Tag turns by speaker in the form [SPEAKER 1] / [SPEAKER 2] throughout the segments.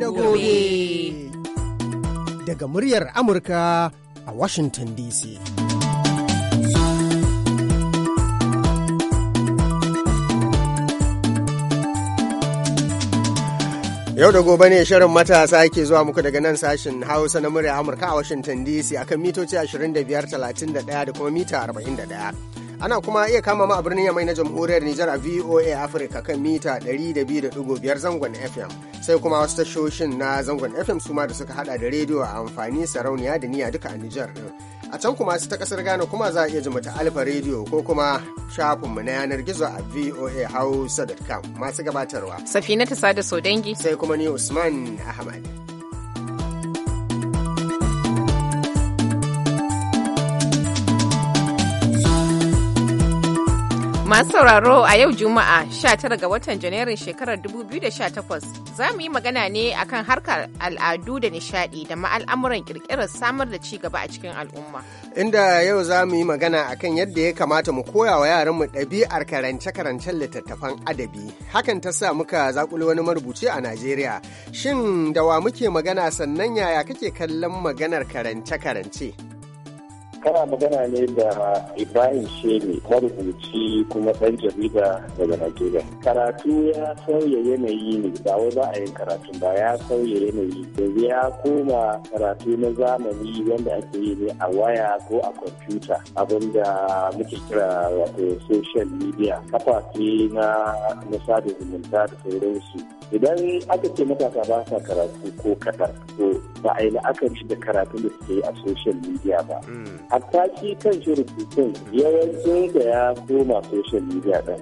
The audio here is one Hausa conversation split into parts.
[SPEAKER 1] da gobe.
[SPEAKER 2] Daga muryar Amurka a Washington DC. Yau da gobe ne shirin matasa ke zuwa muku daga nan sashen Hausa na murya Amurka a Washington DC akan mitoci 25, 31 da kuma mita 41. ana kuma iya kama ma a birnin yamai na jamhuriyar Nijar a VOA Africa kan mita 102.5 zangon FM sai kuma wasu tashoshin na zangon FM su ma da suka hada da rediyo a amfani sarauniya da niya duka a Nijar din a can kuma su ta kasar Ghana kuma za a iya jima ta Alfa rediyo ko kuma shafinmu na yanar gizo a voahausa.com masu gabatarwa Safina ta sada Sodangi sai kuma ni Usman Ahmad
[SPEAKER 1] Masu sauraro a yau Juma'a 19 ga watan Janairun shekarar 2018 za mu yi magana ne akan harkar al'adu da nishadi da ma'al'amuran kirkirar samar da ci gaba a cikin al'umma.
[SPEAKER 2] Inda yau za mu yi magana akan yadda ya kamata mu koya wa yaranmu ɗabi'ar karance-karancen littattafan adabi. Hakan ta sa muka zakuli wani marubuci a Najeriya. Shin da wa muke magana sannan yaya kake kallon maganar karance-karance?
[SPEAKER 3] kana magana ne da ibrahim shehu marubuci kuma ɗan jarida daga nigeria karatu ya sauya yanayi ne ba wai ba a yin karatu ba ya sauya yanayi yanzu ya koma karatu na zamani wanda ake yi ne a waya ko a kwamfuta abinda muke kira wato social media kafafe na na sada zumunta da sauransu idan aka ce matasa ba sa karatu ko kadan to ba a yi la'akari da karatun da suke yi a social media ba hmm. hatta shi kan shi rubutun yawancin da ya koma social media ɗin.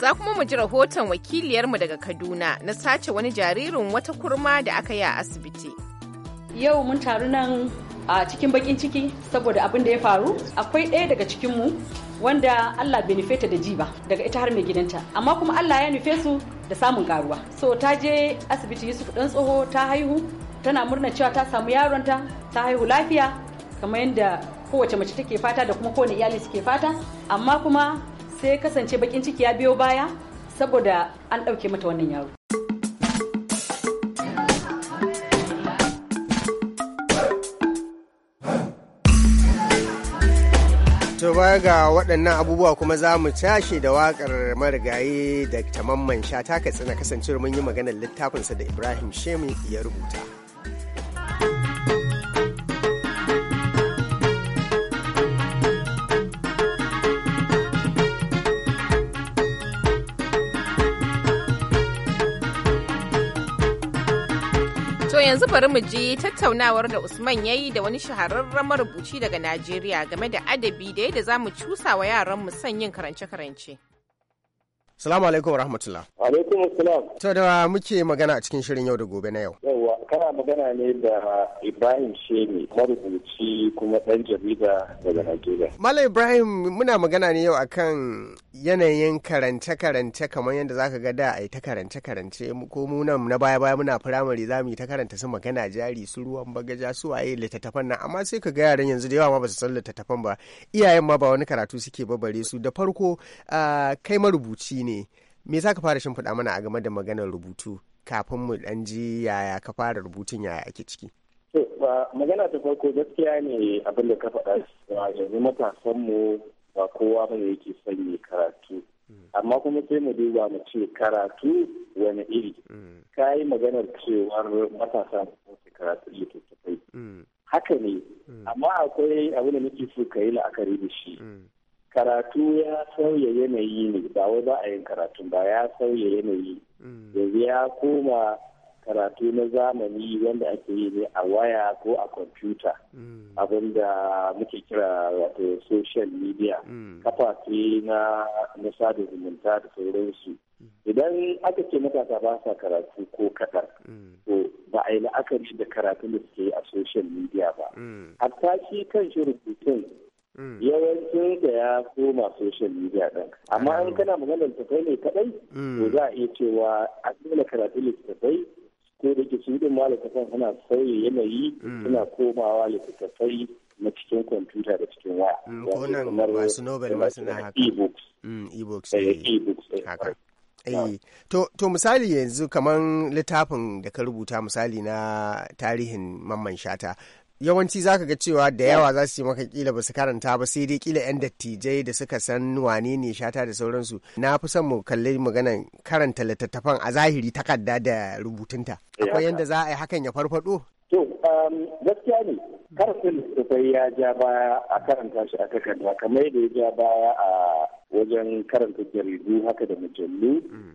[SPEAKER 1] Za kuma mu ji rahoton wakiliyarmu daga Kaduna na sace wani jaririn wata kurma da aka yi a asibiti.
[SPEAKER 4] Yau mun taru nan a cikin bakin ciki saboda abin da ya faru akwai ɗaya daga cikinmu wanda Allah bai nufe ta da ji ba daga ita har mai gidanta amma kuma Allah ya nufe su da samun karuwa so ta je asibiti Yusuf dan tsoho ta haihu tana murna cewa ta samu yaronta ta haihu lafiya kamar yadda kowace mace take fata da kuma kowane iyali suke fata amma kuma sai kasance bakin ciki ya biyo baya saboda an ɗauke mata wannan yaro.
[SPEAKER 2] To baya ga waɗannan abubuwa kuma za mu tashi da waƙar marigayi da tamamman sha ta katsina kasancewar mun yi maganar littafinsa da Ibrahim Shemi ya rubuta.
[SPEAKER 1] yanzu bari mu je tattaunawar da Usman ya yi da wani shahararren marubuci daga Najeriya game da adabi da yadda za mu cusa wa yaranmu son yin karance-karance.
[SPEAKER 2] Salamu alaikum rahmatullah. Alaikum salam. To da muke magana a cikin shirin yau da gobe na yau.
[SPEAKER 3] Yawwa kana magana ne da Ibrahim Shemi marubuci kuma ɗan jarida daga Najeriya.
[SPEAKER 2] Malam Ibrahim muna magana ne yau akan yanayin karance-karance kamar yadda za ka ga da a yi ta karance-karance ko munan na baya-baya muna firamare za mu yi ta karanta su magana jari su ruwan bagaja su waye littattafan nan amma sai ka ga yaran yanzu da yawa ma ba su san littattafan ba iyayen ma ba wani karatu suke babare su da farko ah, kai marubuci ne ne me za ka fara shimfiɗa mana a game da maganar rubutu kafin mu ɗan ji yaya ka fara rubutun yaya ake ciki.
[SPEAKER 3] magana ta farko gaskiya ne abin da ka faɗa yanzu matasan mu ba kowa ba yake son yi karatu amma kuma sai mu duba mu ce karatu wani iri ka yi maganar cewar matasa su karatu littattafai mm. haka ne mm. amma akwai abin da muke so ka yi la'akari da shi mm. karatu ya sauya yanayi ne ba wai ba a yin karatu ba ya sauya yanayi mm. yanzu ya koma karatu na zamani wanda ake yi ne a waya ko a kwamfuta mm. abinda muke kira wato social media mm. kafafe na na sada zumunta da sauransu idan aka ce matasa ba sa karatu ko kaɗan to ba a yi la'akari da karatu da suke yi a social media ba hatta shi kan shi rubutun Mm. yawancin da ya koma social media ɗin amma in ah. kana magana kai ne kaɗai to mm. za a iya cewa an dole karatu littattafai ko da ke su ma littattafan suna sauya
[SPEAKER 2] yanayi mm. suna komawa littattafai na cikin kwamfuta da cikin waya. Wannan masu Nobel masu na haka. E-books. e to, to misali yanzu kamar littafin da ka rubuta misali na tarihin mamman shata yawanci zaka ga cewa da yawa za su yi maka kila ba su karanta ba sai dai kila yan dattijai da suka san wane ne shata da sauransu na fi son mu kalli maganan karanta littattafan a zahiri takarda da rubutunta akwai yadda za a yi hakan ya farfado to
[SPEAKER 3] um, gaskiya ne karfin littattafai ya ja baya a karanta shi a takarda kamar yadda ya ja baya a wajen karanta jaridu haka da mujallu mm.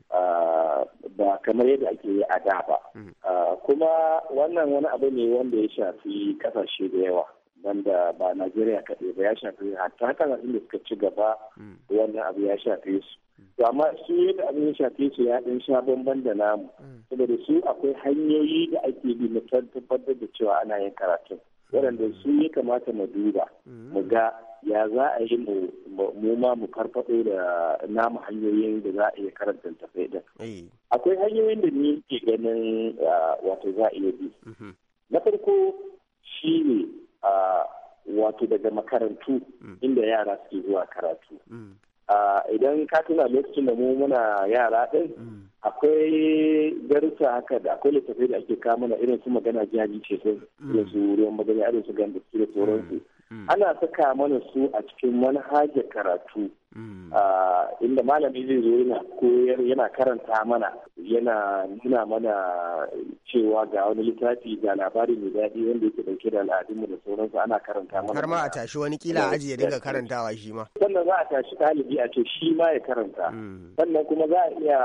[SPEAKER 3] ba kamar yadda ake yi a da ba. Hmm. Ah, kuma wannan wani abu ne wanda ya shafi kasashe da yawa. Wanda ba Najeriya kaɗai ba ya shafi hatta kasashen da suka ci gaba hmm. wannan abu ya shafe su. Hmm. To amma su yadda abin ya shafe su ya ɗan sha bamban da namu. Saboda su akwai hanyoyi da ake bi na tabbatar da cewa ana yin karatun. Waɗanda su ya kamata mu duba mu ga ya za a yi mu ma mu da namu hanyoyin da za a iya karanta tafai din eh. akwai hanyoyin da ni ke ganin wato za a iya bi mhm. na farko shi ne wato daga makarantu mm. inda yara suke zuwa karatu mm. idan ka tuna lokacin da mu muna yara ɗin mm. akwai garusa haka da akwai littafai da ake kama na irin su magana jihadi ce sun su ruwan magana irin su da sauransu Mm. ana saka mana su a cikin manhaja karatu mm. ah, inda malami zai zo yana koyar yana karanta mana yana nuna mana cewa ga wani littafi ga labari mai daɗi wanda yake dauke da al'adunmu da sauransu ana karanta mana har ma a
[SPEAKER 2] tashi wani kila aji ya dinga karantawa shi ma
[SPEAKER 3] sannan za a tashi ɗalibi a ce shi ma ya karanta mm. sannan kuma za a iya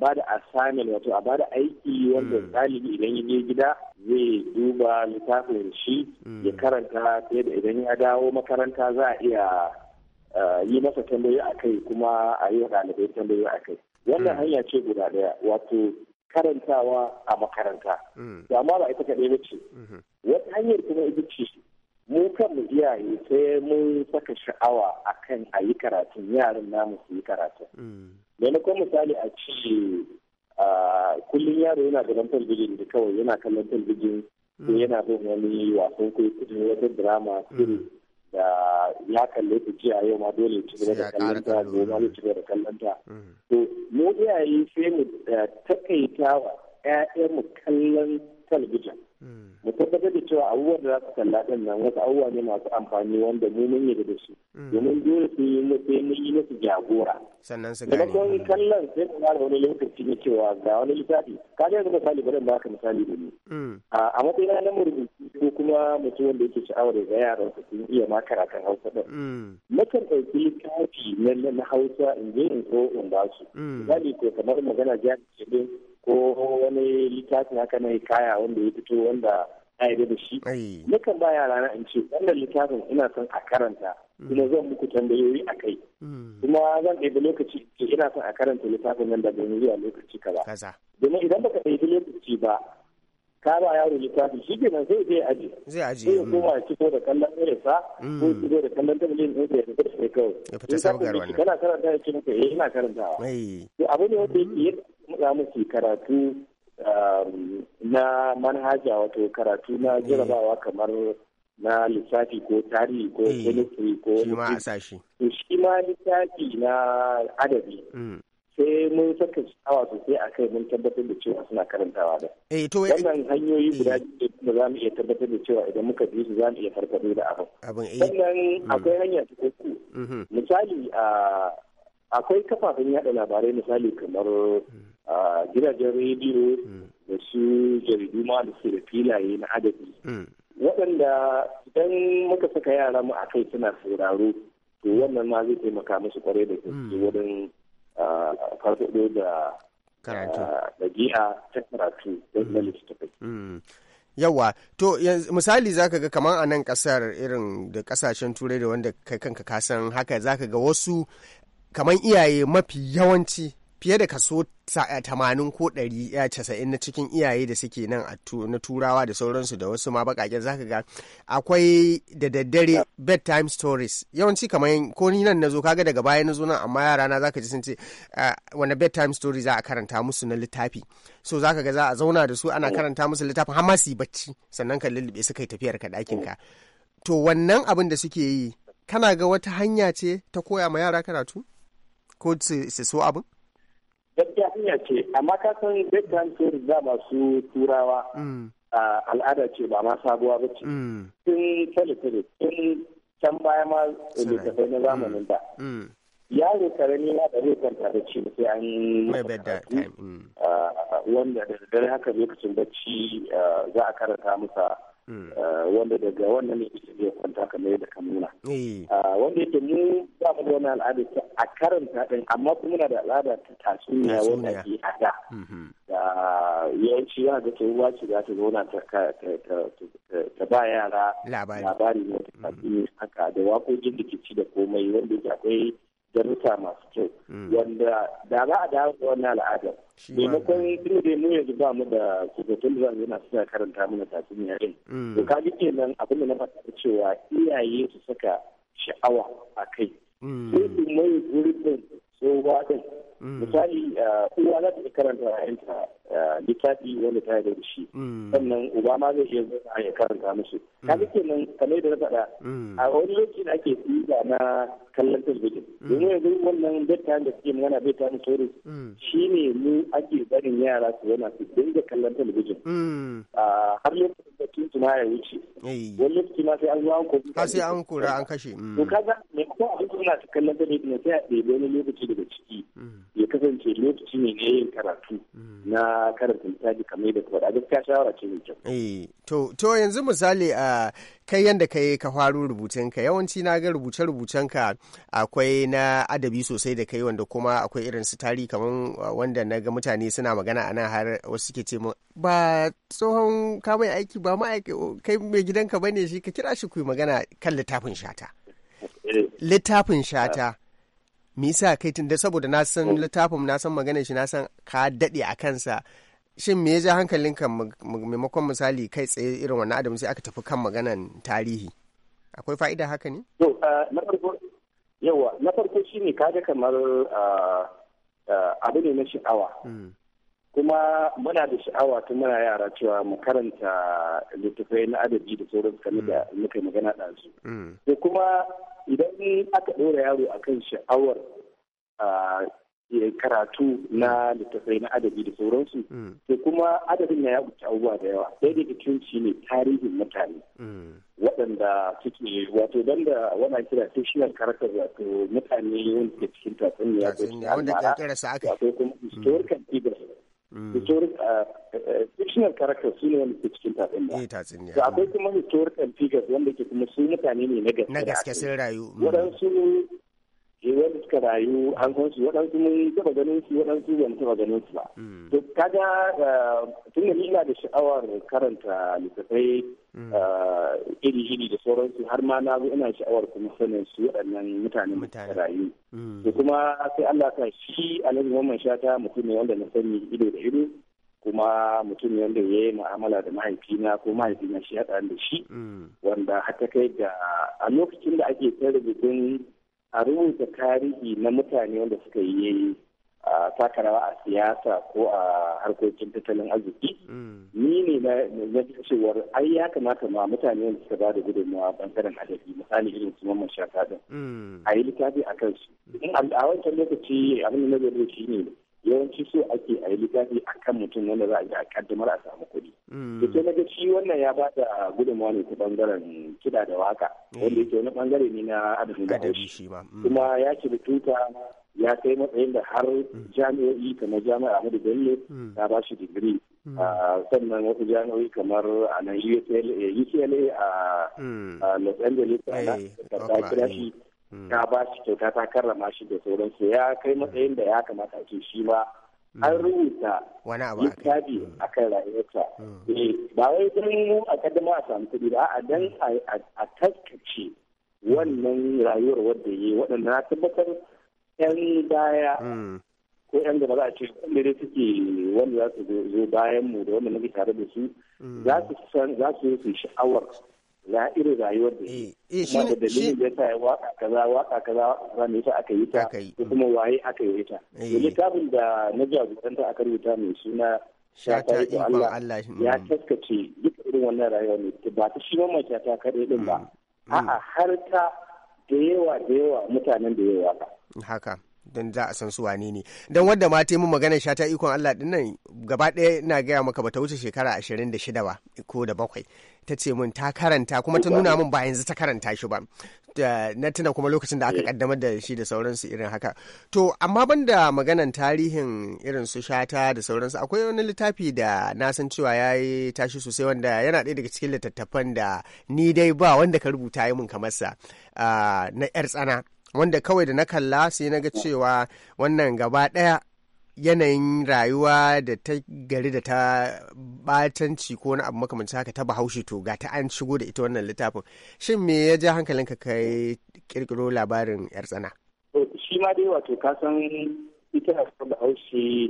[SPEAKER 3] bada da assignment wato a ba da aiki wanda ɗalibi idan ya je gida zai duba littafin shi ya mm. karanta ta yadda idan ya dawo makaranta za a iya eh, yi masa tambayi a kai kuma a yi ɗalibai tambayi a kai wannan mm. hanya ce guda ɗaya wato karantawa a makaranta da mm. ma ba ita kaɗai bace mm-hmm. wata hanyar kuma ita ce mu kanmu iyaye sai mun saka sha'awa akan a yi karatun yaran namu su yi karatun maimakon misali a ce kullum yaro yana ganin talbijin da kawai yana kallon talbijin ko mm. yana bin wani wasan kudin wata drama mm. da ya kalle ta jiya yau ma dole ci gaba da kallon ta gobe ci gaba da kallon ta mm. to mu iyaye sai mu eh, takaitawa wa mu kallon talbijin mu tabbatar da cewa abubuwan da za su kalla ɗin nan wasu abubuwa ne masu amfani wanda mu mun yi da su mm. domin dole su yi sai mun yi musu jagora sannan su gane kuma kallon sai mu fara wani lokaci ne cewa ga wani littafi ka ga yanzu misali bari ba ka misali da ni mm. a matsayin na murubuci ko kuma mutum wanda yake sha'awar ga yaran su sun iya ma karatun hausa ɗin mm. nakan ɗauki littafi na hausa in je in so in ba su misali ko kamar magana jami'in ko wani littafin haka na kaya wanda ya fito wanda na yi
[SPEAKER 5] da shi
[SPEAKER 3] nakan ba yara na in ce wannan littafin ina son a karanta mm. kuma zan muku tambayoyi a kai mm. kuma zan ɗebi lokaci ce ina son a karanta littafin nan ban yi zuwa lokaci ba. domin idan baka ɗebi lokaci ba ka ba yaro littafi shi ke nan sai zai aji zai aji sai ya mm. koma ya ciko da kallon irinsa ko ya ciko da kallon tabbalin ɗinsa ya fita da kawai ya fita sabgar wannan kana ya eh, ina karantawa ne maza muke karatu um, na manhaja wato karatu na hmm. jarabawa kamar na lissafi ko tarihi ko hmm. chemistry ko shi ma a shi ma lissafi na adabi hmm. sai mun saka awa sosai a kai mun tabbatar da cewa suna karantawa da. Eh, Wannan hanyoyi guda da za mu iya tabbatar da cewa idan muka bi su za mu iya farfado da abin. Eh. Sannan akwai hanya ta uku. Misali a ah, akwai kafafen yada labarai misali kamar gidajen rediyo da su jaridu ma da su da filaye na adadi waɗanda idan muka saka yara mu a kai suna sauraro to wannan ma zai taimaka musu kwarai da gaske wurin farfaɗo da ɗabi'a ta karatu da littattafai
[SPEAKER 2] yawa to misali zaka ga kamar a nan kasar irin da kasashen turai da wanda kai kanka ka san haka zaka ga wasu kamar iyaye mafi yawanci fiye da kaso eh, tamanin ko ɗari eh, casa'in na cikin iyaye da suke nan na turawa da sauransu da wasu ma bakaken zaka ga akwai da daddare bedtime stories yawanci kamar ko ni nan nazo kaga daga baya nazo nan amma yara na zaka ji sun ce eh, wanda bedtime story za a karanta musu na littafi so zaka ga za a zauna da su ana karanta musu littafin har ma su bacci sannan ka lullube su kai tafiyar ka ɗakin ka to wannan abin da suke yi kana ga wata hanya ce ta koya ma yara karatu ko su so abin?
[SPEAKER 5] Gaskiya hanya
[SPEAKER 3] ce, amma ka san Bekan stories za masu turawa mm. al'ada ce ba ma sabuwa ba ce. Mm. Tun tele-tele, tun can baya ma littattafai na zamanin mm. da. kare karami ya da zai kwanta da ci sai an yi wanda da dare haka lokacin bacci za a karanta masa wanda daga wannan ne ita zai kwanta kamar yadda ka nuna. Eh. Wanda yake mu za mu da wani al'adar ta a karanta din amma kuma na da al'ada ta tatsuniya wanda ke a da mm-hmm. yawanci yana da ta ruwa ce za ta zauna ta ba yara labari na mm-hmm. tatsuniya haka da waƙoƙin da ke ci da komai wanda ke akwai darussa masu kyau mm. wanda da za a dawo da wannan al'ada maimakon tun da mu yanzu ba mu da kubutun da yana suna karanta mana tatsuniya din mm. to ka ji kenan abin da na faɗa cewa iyaye su saka sha'awa a kai
[SPEAKER 5] Mm. sai su
[SPEAKER 3] mai gurbin tsohuwa din mm. misali uwa za ta iya karanta yayanta littafi wanda ta yarda da shi mm. sannan uba ma zai iya zama ya karanta musu ka kenan kamar da na faɗa a wani lokaci da ake tsiga na kallon talabijin mm. domin yanzu wannan bedtime da suke magana na stories mm. shi ne mu ake barin yara su yana su dinga kallon talabijin
[SPEAKER 2] mm.
[SPEAKER 3] har lokacin da tun tuma ya wuce wani lokaci ma sai an zuwa ko ka sai an kura an
[SPEAKER 2] kashe to kaga
[SPEAKER 3] me kuma abin da yana kallon talabijin sai a ɗebi wani lokaci daga ciki ya kasance lokaci ne na yin karatu na karanta misali kamar yadda kuma a gaskiya shawara ce mai
[SPEAKER 2] kyau to to yanzu misali a kai yanda kai ka faro rubutunka, yawanci na ga rubuce rubucenka akwai na adabi sosai da kai wanda kuma akwai irin su tari kamar uh, wanda na ga mutane suna magana anan har wasu suke ce min ba tsohon kamun aiki ba ma kai mai gidanka ba ne shi ka kira shi ku yi magana kan littafin shata eh. littafin shata ah. me kai tunda saboda na san mm. littafin na san magana shi na san ka daɗe a kansa shin me ya ja hankalinka maimakon misali kai tsaye irin wannan adam sai aka tafi kan maganan tarihi akwai fa'ida haka ne
[SPEAKER 3] to eh, na farko yawa na farko shine kaga kamar eh, eh, abu ne na sha'awa hmm. kuma muna da sha'awa tun muna yara cewa mu karanta littattafai na adabi da sauran kan hmm. da muka magana ɗansu hmm. to kuma idan aka ɗora yaro akan sha'awar karatu na littattafai na adabi da sauransu sai kuma adabin na ya wuce abubuwa da yawa sai da cikin shi ne tarihin mutane waɗanda suke wato don da wana kira fictional character wato mutane wanda ke cikin tatsuniya ko wanda kirkira sa aka wato kuma hmm. historical figures hmm. uh, uh, fictional characters su ne wanda ke cikin tatsuniya eh
[SPEAKER 2] tatsuniya akwai
[SPEAKER 3] kuma historical figures wanda ke kuma su mutane ne na gaske na gaske
[SPEAKER 1] sun rayu hmm.
[SPEAKER 3] waɗansu Eh, wani suka rayu an san su waɗansu mun taɓa ganin su waɗansu ban taɓa ganin su ba. Hmm. To kaga eh, tun da ina da sha'awar karanta littattafai hmm. eh, iri-iri da sauransu har ma na ina sha'awar kuma sanin su waɗannan mutanen da suka rayu. Hmm. To kuma sai Allah ka shi Alhaji Mamman Shata mutum ne wanda na sani ido da ido kuma mutum ne ya yi mu'amala da mahaifina ko mahaifina shi haɗa da shi wanda haka kai da a lokacin da ake tare da a rubuta tarihi na mutane wanda suka yi a rawa a siyasa ko a harkokin tattalin arziki mm. ni ne na cewar ai ya kamata ma mutane wanda suka bada gudunmawa bangaren adabi misali irin su mamman shaka din mm. a yi littafi a kansu a wancan lokaci abin da na zai shi ne yawanci so ake a yi littafi a kan mutum wanda za a yi a kaddamar a samu kuɗi. Da mm. ke na ga shi wannan ya ba da gudunmawa ne ta bangaren kiɗa da waka wanda yake wani bangare ne na adadin da mm. Kuma ya ci tuta ya kai matsayin da har mm. jami'o'i kamar jami'a Ahmadu Bello ta ba shi digiri. Ah, sannan wasu jami'o'i kamar a nan UCLA a ah, ah, Los Angeles eh, ta kira shi ta hmm. ba shi kyauta ta karrama shi da sauransu ya kai matsayin da ya kamata ke shi ma an hmm. rubuta littafi hmm. a kan rayuwarsa eh, ba wai don a kaddama a samu kuɗi ba a dan a taskace wannan rayuwar wadda ya yi waɗanda na tabbatar 'yan baya ko yan da ba za a ce wanda dai suke wanda za su zo bayan mu da wanda nake tare da su za su san za su yi sha'awar ga irin rayuwar da eh, eh shi da dalilin da yasa waka kaza waka kaza za mu yi ta aka yi ta ko kuma waye aka yi ta eh. littafin da na jagoranta aka rubuta mai suna shata iko Allah ya mm. taskace duk irin wannan rayuwar ne
[SPEAKER 2] ba ta shi mai shata kaɗai din ba mm. Mm. a'a har ta da yawa da yawa mutanen da yawa ba haka don za a san su wane ne don wadda ma ta yi magana sha ta ikon Allah din nan gaba ɗaya na gaya maka bata wuce shekara ashirin da shida ba ko da bakwai ta ce min ta karanta kuma ta nuna min ba yanzu ta karanta shi ba na tuna kuma lokacin da aka eh. kaddamar da shi da sauransu irin haka to amma banda maganan tarihin irin su shata da sauransu akwai wani littafi da na san cewa ya yi tashi sosai wanda yana ɗaya daga cikin littattafan da ni dai ba wanda ka rubuta yi min kamar sa ah, na yar tsana wanda kawai da na kalla sai na ga cewa wannan gaba ɗaya yanayin rayuwa da ta gari da ta batanci ko na abu makamancin haka ta bahaushe to ga ta an shigo da ita wannan littafin shin me ya ja ka kai kirkiro labarin yar tsana
[SPEAKER 3] shi ma dai wato ka san ita ta bahaushe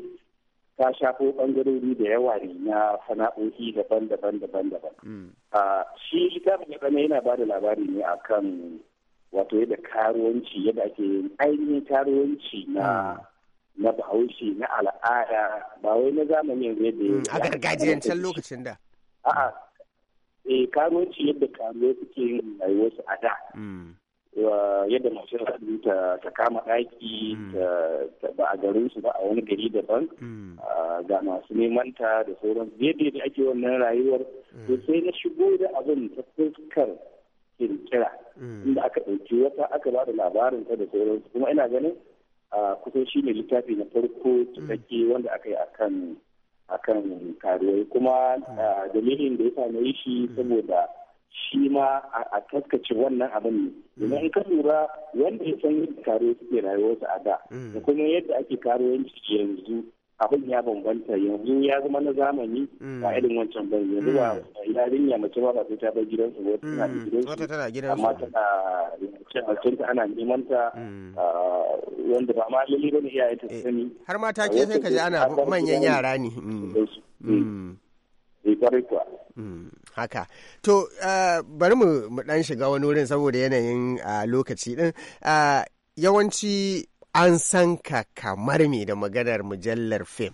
[SPEAKER 3] ta shafo bangarori da yawa ne na sana'o'i daban-daban daban-daban mm. ah, shi ta ya yana ba da labari ne akan wato yadda karuwanci yadda ake yin ainihin karuwanci na ah. na bahaushe na al'ada ba wai na zamani yanzu yadda hmm, a gargajiyancin lokacin da a'a eh karuwanci yadda karuwa suke yin su a da hmm. yadda masu rasu ta kama ɗaki hmm. ba a garin su ba a wani gari daban ah, ga masu neman ta da sauran yadda ake wannan rayuwar to sai na shigo da abin ta fuskar kirkira
[SPEAKER 5] mm. inda aka
[SPEAKER 3] ɗauki wata aka ba da labarin ta da sauransu kuma ina ganin kusan shi ne littafi na farko mm. cikakke wanda aka yi akan akan karuwai kuma mm. dalilin da ya sa yi shi saboda shi ma a taskace wannan abin ne idan in ka lura wanda ya san yadda karuwa suke rayuwarsu a da da kuma yadda ake karuwanci yanzu abin ya bambanta yanzu ya zama na zamani mm. ba irin wancan ba yanzu ba mm. yarinya mace ba ba sai ta bar gidansu ba tana mm. gidansu wata tana gidansu amma tana cin ta ana neman ta ah, wanda ba ma lalle bane iyaye ta eh, sani har
[SPEAKER 2] ma ta ke ah, sai ka ji ana manyan yara ne eh, eh, haka to ah, bari mu dan shiga wani wurin saboda yanayin lokaci din yawanci an san ka kamar me da maganar mujallar fim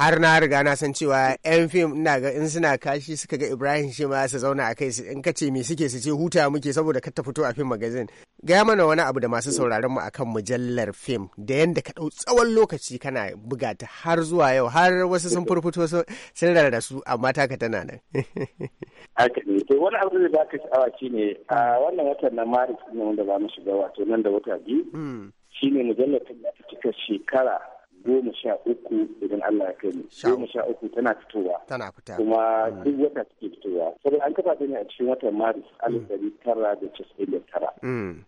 [SPEAKER 2] har na riga na san cewa yan fim ina ga in suna kashi suka ga ibrahim shi ma su zauna a kai in ka ce me suke su ce huta muke saboda ka ta fito a fim magazin gaya mana wani abu da masu sauraron mu akan mujallar fim da yanda ka ɗau tsawon lokaci kana buga ta har zuwa yau har wasu sun furfuto sun su amma taka tana nan
[SPEAKER 3] wani abu da za ka sha'awa shine a wannan watan na maris ne wanda ba mu shiga wato nan da wata biyu hmm. Shi shine mujallar ta cika shekara goma sha uku idan Allah ya kai goma sha uku tana fitowa
[SPEAKER 2] tana fita kuma hmm. duk
[SPEAKER 3] wata suke fitowa saboda an kafa ta ne a cikin watan maris hmm. alif dari tara da casa'in da tara.
[SPEAKER 2] Hmm.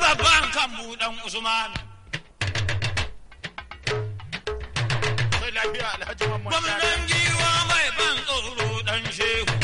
[SPEAKER 6] babban kan buɗan usman gwamnan giwa mai ban tsoro dan shehu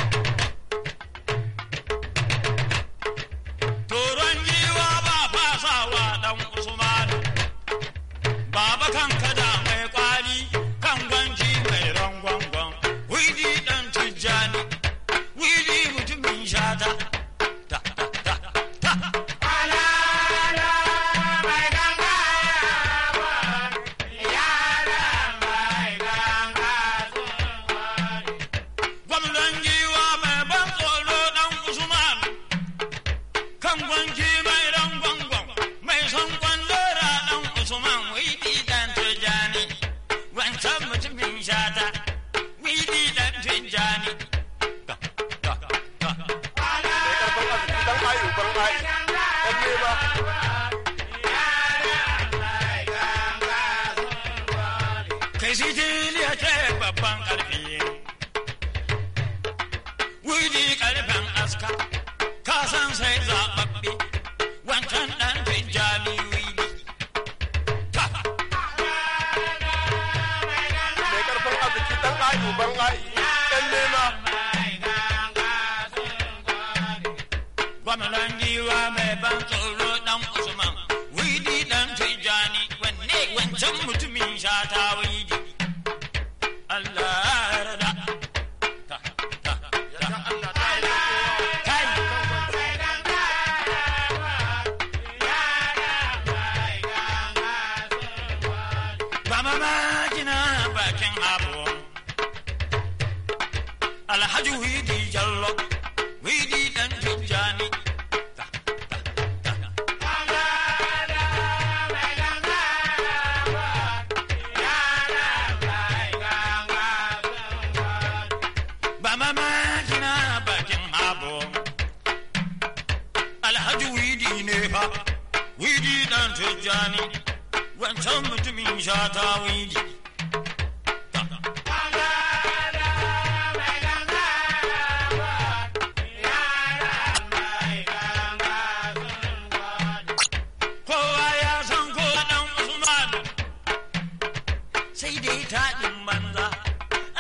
[SPEAKER 6] sai dai taɗin banza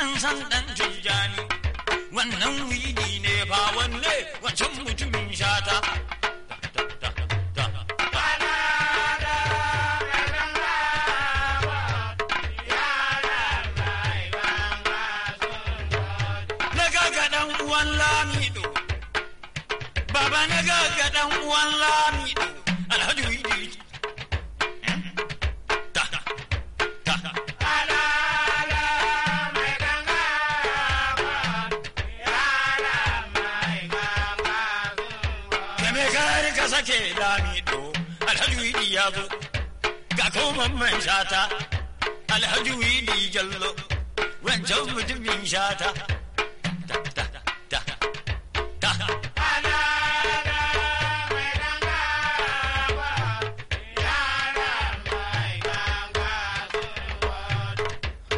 [SPEAKER 6] an san ɗan tijjani wannan wili ne ba wanne wancan mutumin shata Baba na gaga ɗan uwan lamido. من من شاتا الحج ويدي جلو وين جمد من شاتا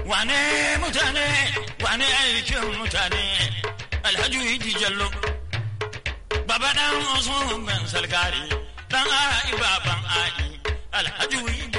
[SPEAKER 6] وانا متاني وانا ايكم متاني الحج ويدي جلو بابا دان نعم اصوم من سلكاري دان نعم اي بابا اي الحج ويدي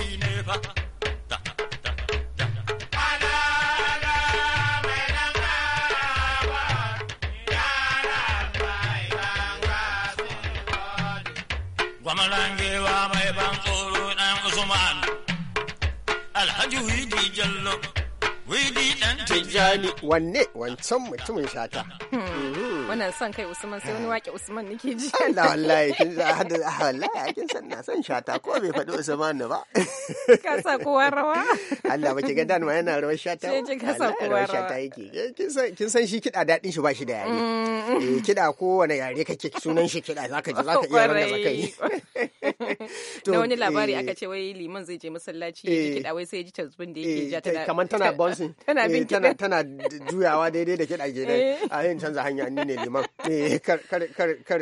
[SPEAKER 2] Tijjani wanne wancan mutumin shata. Hmm.
[SPEAKER 1] Wannan son kai Usman sai wani eh. wake Usman nake ji. Allah wallahi
[SPEAKER 2] kin za hada wallahi kin san na san shata ko bai faɗi Usman ne ba.
[SPEAKER 1] Ka sa kowa rawa.
[SPEAKER 2] Allah ba ki ga dan ma yana rawar shata. Sai ki ka sa kowa rawa. Shata yake.
[SPEAKER 1] Eh, kin san
[SPEAKER 2] kin san shi kida dadin shi ba shi da yare. Mm. Eh kida ko wani yare kake sunan shi kida zaka ji zaka iya ranar zaka yi. Na wani labari aka ce
[SPEAKER 1] wai liman zai je masallaci ya ji eh. kida wai sai ya ji tasbin da yake ja tana. Kamar tana bouncing. Tana bin kida.
[SPEAKER 2] Tana juyawa daidai da kida kenan. A yin canza hanya ni ne liman eh, kar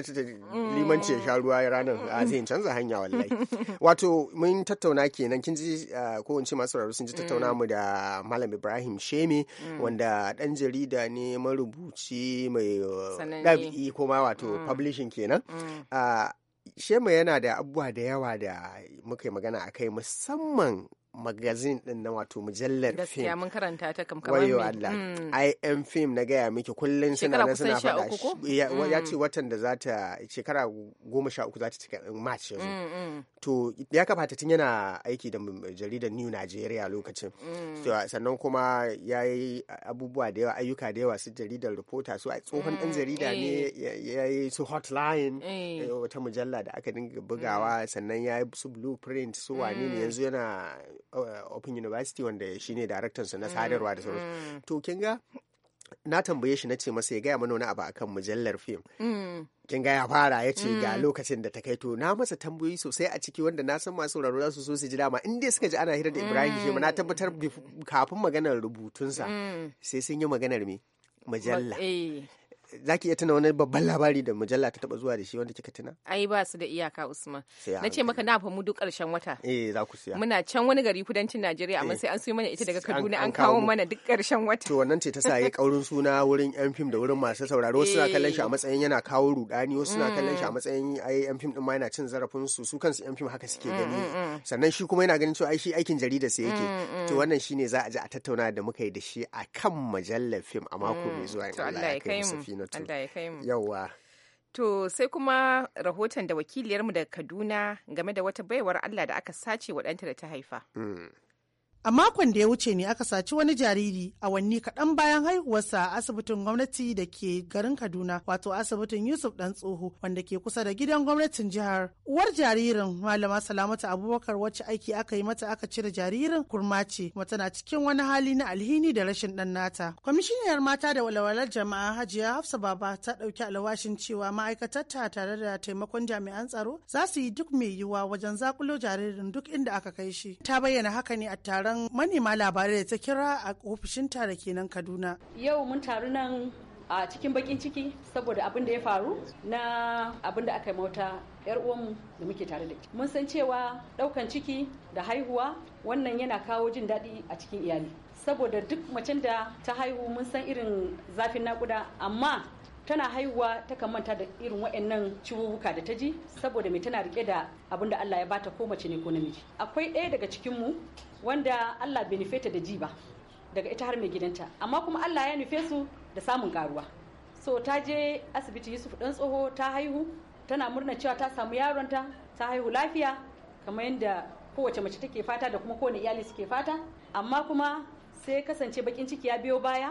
[SPEAKER 2] limanci ya sha ruwa ya ranar a ah, zai canza hanya wallai wato mun tattauna kenan kin ji ah, ko in ce masu sun ji mm. tattauna mu da malam ibrahim Shemi mm. wanda dan jarida ne marubuci mai ah, ɗabi'i ko ma wato mm. publishing kenan shema yana da abubuwa da yawa da muka yi magana a kai musamman magazin din na wato mujallar film gaskiya mun
[SPEAKER 1] karanta ta kam kamar wayo Allah
[SPEAKER 2] mm. am film na gaya miki kullun suna na suna faɗa ya mm. ce watan da zata shekara goma sha uku zata cika March yanzu mm, to ya kamata tun yana aiki da jaridar New Nigeria lokacin sannan kuma ya yi abubuwa da yawa ayyuka da yawa su jaridar reporter su a tsohon dan jarida ne eh. ya yi su hotline eh. Eh, wata mujalla da aka dinga bugawa sannan ya yi su blueprint su wane ne yanzu yana Uh, open university wanda shi ne su na mm, sadarwa da sauransu mm. to kin ga na tambaye shi na ce masa ya gaya mana wani abu akan mujallar fim mm. kin ga ya fara ya ce ga lokacin da ta kai to na masa tambayoyi sosai a ciki wanda na san masu sauraro za su so su ji dama in dai suka ji ana hira da Ibrahim Shehu na tabbatar kafin maganar rubutunsa sai sun yi maganar me mujalla eh. za ki iya tuna wani babban labari da mujalla ta taba zuwa da shi wanda kika tuna?
[SPEAKER 1] Ai ba su da iyaka Usman. Na ce maka na fa mu duk ƙarshen wata.
[SPEAKER 2] Eh za ku siya. Muna
[SPEAKER 1] can wani gari kudancin Najeriya amma eh, sai an suyi mana ita daga Kaduna an kawo mana duk
[SPEAKER 2] karshen wata. To wannan ce ta sa kaurin suna wurin yan fim da wurin masu sauraro suna kallon shi a matsayin yana kawo rudani wasu suna kallon shi a eh. mm. matsayin ai yan fim din ma yana cin zarafin su su kansu yan fim haka suke mm, gani. Mm, Sannan shi kuma yana ganin cewa ai shi aikin jarida sai yake. To wannan shine za a ji a tattauna da muka yi da shi akan mujallar fim a mako mai zuwa in Allah ya kai mu. Saratu. Allah Yawwa.
[SPEAKER 1] To sai kuma rahoton da wakiliyarmu daga Kaduna game da wata baiwar Allah da aka sace wa waɗanta da ta haifa. Hmm.
[SPEAKER 7] A makon da ya wuce ne aka saci wani jariri a wanni kaɗan bayan haihuwarsa a asibitin gwamnati da ke garin Kaduna wato asibitin Yusuf Dan Tsoho wanda ke kusa da gidan gwamnatin jihar. Uwar jaririn Malama Salamatu Abubakar wacce aiki aka yi mata aka cire jaririn kurma ce kuma tana cikin wani hali na alhini da rashin ɗan nata. Kwamishiniyar mata da walwalar jama'a Hajiya Hafsa Baba ta ɗauki alwashin cewa ma'aikatar ta tare da taimakon jami'an tsaro za su yi duk mai yiwuwa wajen zakulo jaririn duk inda aka kai shi. Ta bayyana haka ne a taron taron manema labarai da ta kira a ofishinta da ke nan Kaduna.
[SPEAKER 4] Yau mun taru nan a cikin bakin ciki saboda abin da ya faru na abin da aka yi mota yar uwanmu da muke tare da mun san cewa daukan ciki da haihuwa wannan yana kawo jin daɗi a cikin iyali saboda duk macen da ta haihu mun san irin zafin nakuda amma tana haihuwa ta kan manta da irin waɗannan ciwuwuka da ta ji saboda mai tana rike da abin da Allah ya bata ko mace ne ko namiji akwai ɗaya daga cikin mu wanda Allah bai nufe ta da ji ba daga ita har mai gidanta amma kuma Allah ya nufe su da samun karuwa so ta je asibiti Yusuf dan tsoho ta haihu tana murna cewa ta samu yaronta ta haihu lafiya kamar yadda kowace mace take fata da kuma kowane iyali suke fata amma kuma sai kasance bakin ciki ya biyo baya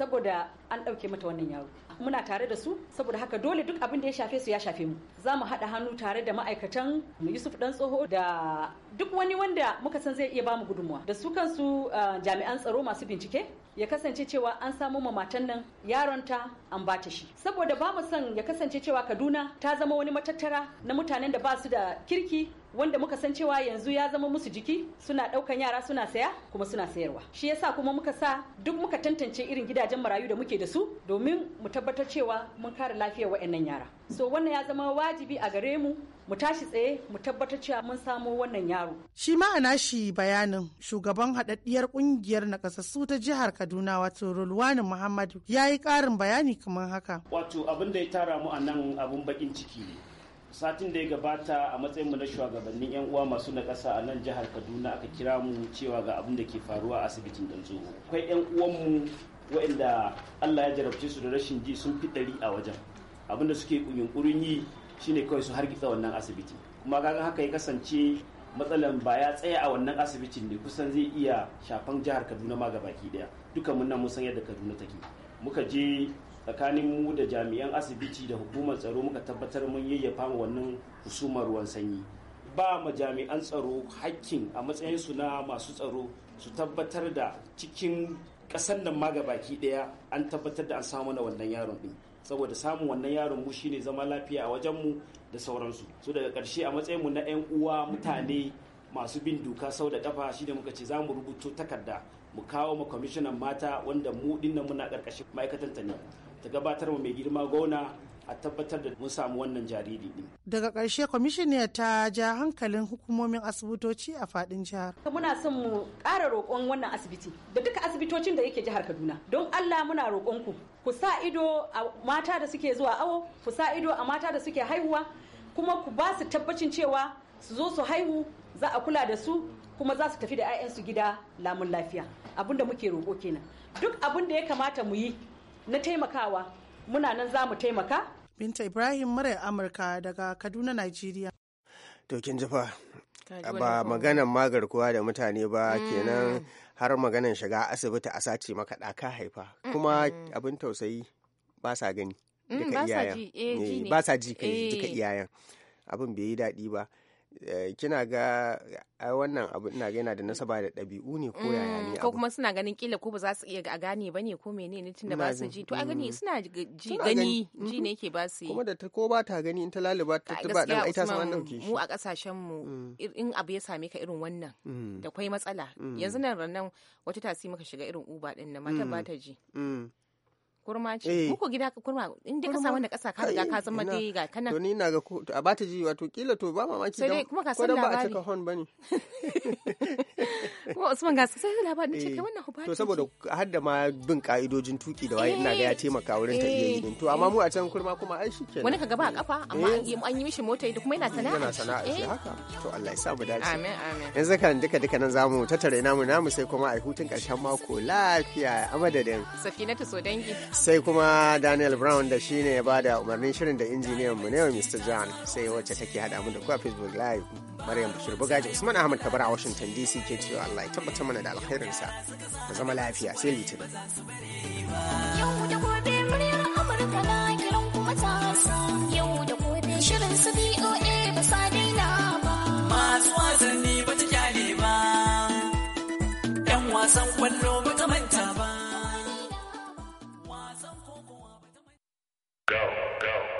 [SPEAKER 4] saboda an ɗauke mata wannan yaro muna tare da su saboda haka dole duk abin da ya shafe su ya shafe mu za mu haɗa hannu tare da ma'aikatan yusuf dan tsoho da duk wani wanda muka san zai iya bamu gudunmuwa da su kansu jami'an tsaro masu bincike ya kasance cewa an samu ma matan nan ta an bata shi saboda ba mu son ya kasance cewa kaduna ta zama wani matattara na mutanen da ba su da kirki wanda muka san cewa yanzu ya zama musu jiki suna ɗaukan yara suna saya kuma suna sayarwa shi yasa kuma muka sa duk muka tantance irin gidajen marayu da muke da su domin mu tabbatar cewa mun kare lafiyar waɗannan yara so wannan ya zama wajibi a gare mu mu tashi tsaye mu tabbatar cewa mun samo wannan yaro.
[SPEAKER 7] Shi ana shi bayanin shugaban haɗaɗɗiyar ƙungiyar nakasassu ta jihar Kaduna wato Rulwani Muhammadu ya yi ƙarin bayani kamar haka.
[SPEAKER 8] Wato abin da ya tara mu a nan abun bakin ciki ne. satin da ya gabata a matsayin mu na shugabannin 'yan uwa masu na ƙasa a nan jihar kaduna aka kira mu cewa ga abin da ke faruwa a asibitin dan akwai 'yan uwanmu waɗanda allah ya jarabce su da rashin ji sun fi ɗari a wajen abin da suke yunƙurin yi shine kawai su hargitsa wannan asibiti kuma kaga haka ya kasance matsalan ba ya tsaya a wannan asibitin ne kusan zai iya shafan jihar kaduna ma gabaki daya duka mun nan mun san yadda kaduna take muka je tsakanin mu da jami'an asibiti da hukumar tsaro muka tabbatar mun yayyafa wannan husumar ruwan sanyi ba ma jami'an tsaro hakkin a matsayinsu na masu tsaro su tabbatar da cikin ƙasar nan maga baki ɗaya an tabbatar da an samu na wannan yaron din saboda samun wannan yaron mu shine zama lafiya a wajen mu da sauransu so daga karshe a matsayin mu na 'yan uwa mutane masu bin doka sau da kafa shi da muka ce za mu rubuto takarda mu kawo ma kwamishinan mata wanda mu dinnan muna karkashin ma'aikatan ta ne ta gabatar wa mai girma gona a tabbatar da mun samu wannan jariri din.
[SPEAKER 7] Daga ƙarshe kwamishiniya ta ja hankalin hukumomin
[SPEAKER 4] asibitoci a fadin jihar. Muna son mu ƙara roƙon wannan asibiti da duka asibitocin da yake jihar Kaduna. Don Allah muna roƙon ku ku sa ido a mata da suke zuwa awo, ku sa ido a mata da suke haihuwa, kuma ku ba su tabbacin cewa su zo su haihu za a kula da su kuma za su tafi da 'ya'yansu gida lamun lafiya. Abin da muke roƙo kenan. Duk abin da ya kamata mu yi na taimakawa muna nan za mu taimaka
[SPEAKER 7] binta ibrahim murar amurka daga kaduna Najeriya.
[SPEAKER 2] to jifa ba maganan magar kowa da mutane ba mm. kenan har maganan shiga asibiti a sace maka ɗaka haifa kuma abin tausayi ba sa gani mm, duka iyayen eh, eh, ba sa ji kai duka eh. iyayen abin bai yi daɗi ba Eh, kina ga wannan abu ina ga yana da nasaba da ɗabi'u ne ko yaya ne mm, ko
[SPEAKER 1] kuma suna ganin kila ko ba za su iya gane ba ne ko menene tunda ba su ji to a gani mm. suna ji gani ji mm-hmm. ne yake ba su kuma
[SPEAKER 2] da ta ko ba ta gani in ta laluba ta ba dan ai ta san an dauke shi
[SPEAKER 1] mu a kasashen mu mm. in abu ya same ka irin wannan da kwai matsala yanzu nan ranan wata tasi muka shiga irin uba din nan mata ba ta ji kurma ce eh. ko gida ka kurma in dai ka samu da kasa ka riga ka zama dai ga kana to
[SPEAKER 2] ni na ga ko a bata ji wato kila to ba mamaki sai kuma ka
[SPEAKER 1] san labari ko ba a cika hon bane kuma Usman ga sai labarin ce eh. kai wannan hubati to
[SPEAKER 2] saboda har da ma bin ka'idojin tuki da waye ina ga ya eh. taimaka wurin ta iya yi to amma mu a can kurma kuma ai shikenan wani ka
[SPEAKER 1] gaba a kafa amma an yi mishi mota da kuma yana sana'a yana sana'a shi haka
[SPEAKER 2] to Allah ya sa mu dace amin amin yanzu kan duka duka nan zamu tattare namu namu sai kuma ai hutun karshen mako lafiya a madadin
[SPEAKER 1] safinatu so dangi
[SPEAKER 2] sai kuma daniel brown da shi ne ya ba da umarnin shirin da injiniyan mu ne mr john sai wacce take hada mu da ku a facebook live maryam bashir bugaji usman ahmad kabar a washington dc ke cewa allah ya tabbatar mana da alkhairinsa da zama lafiya sai litinin
[SPEAKER 5] yau da gobe muryar kiran yau da gobe shirin ba sa daina ba masu wasanni
[SPEAKER 4] ba ta kyale ba yan wasan kwallo ba